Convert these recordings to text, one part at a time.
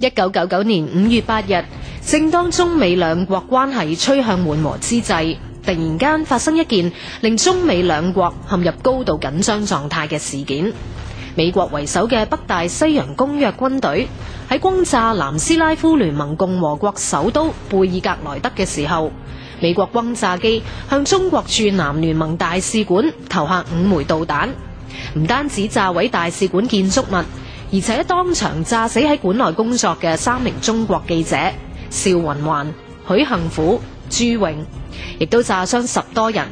一九九九年五月八日，正當中美兩國關係趨向緩和之際，突然間發生一件令中美兩國陷入高度緊張狀態嘅事件。美國為首嘅北大西洋公約軍隊喺轟炸南斯拉夫聯盟共和國首都貝爾格萊德嘅時候，美國轟炸機向中國駐南聯盟大使館投下五枚導彈，唔單止炸毀大使館建築物。而且當場炸死喺館內工作嘅三名中國記者邵雲環、許杏虎、朱穎，亦都炸傷十多人。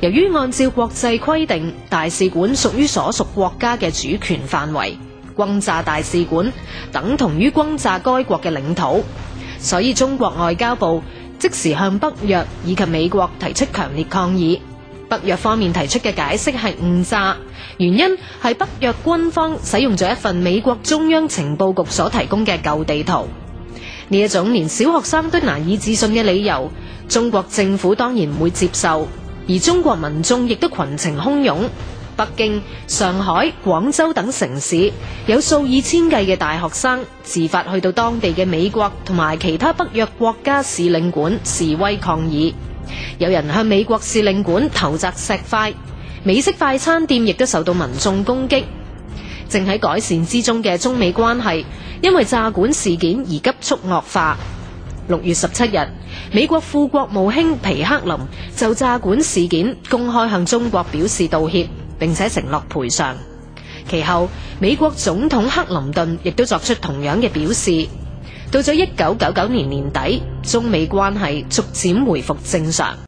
由於按照國際規定，大使館屬於所屬國家嘅主權範圍，轟炸大使館等同於轟炸該國嘅領土，所以中國外交部即時向北約以及美國提出強烈抗議。北約方面提出嘅解釋係誤炸，原因係北約軍方使用咗一份美國中央情報局所提供嘅舊地圖。呢一種連小學生都難以置信嘅理由，中國政府當然唔會接受，而中國民眾亦都群情洶湧。北京、上海、廣州等城市有數以千計嘅大學生自發去到當地嘅美國同埋其他北約國家使領館示威抗議。有人向美國使領館投擲石塊，美式快餐店亦都受到民眾攻擊。正喺改善之中嘅中美關係，因為炸館事件而急速惡化。六月十七日，美國副國務卿皮克林就炸館事件公開向中國表示道歉，並且承諾賠償。其後，美國總統克林頓亦都作出同樣嘅表示。到咗一九九九年年底，中美關係逐漸回復正常。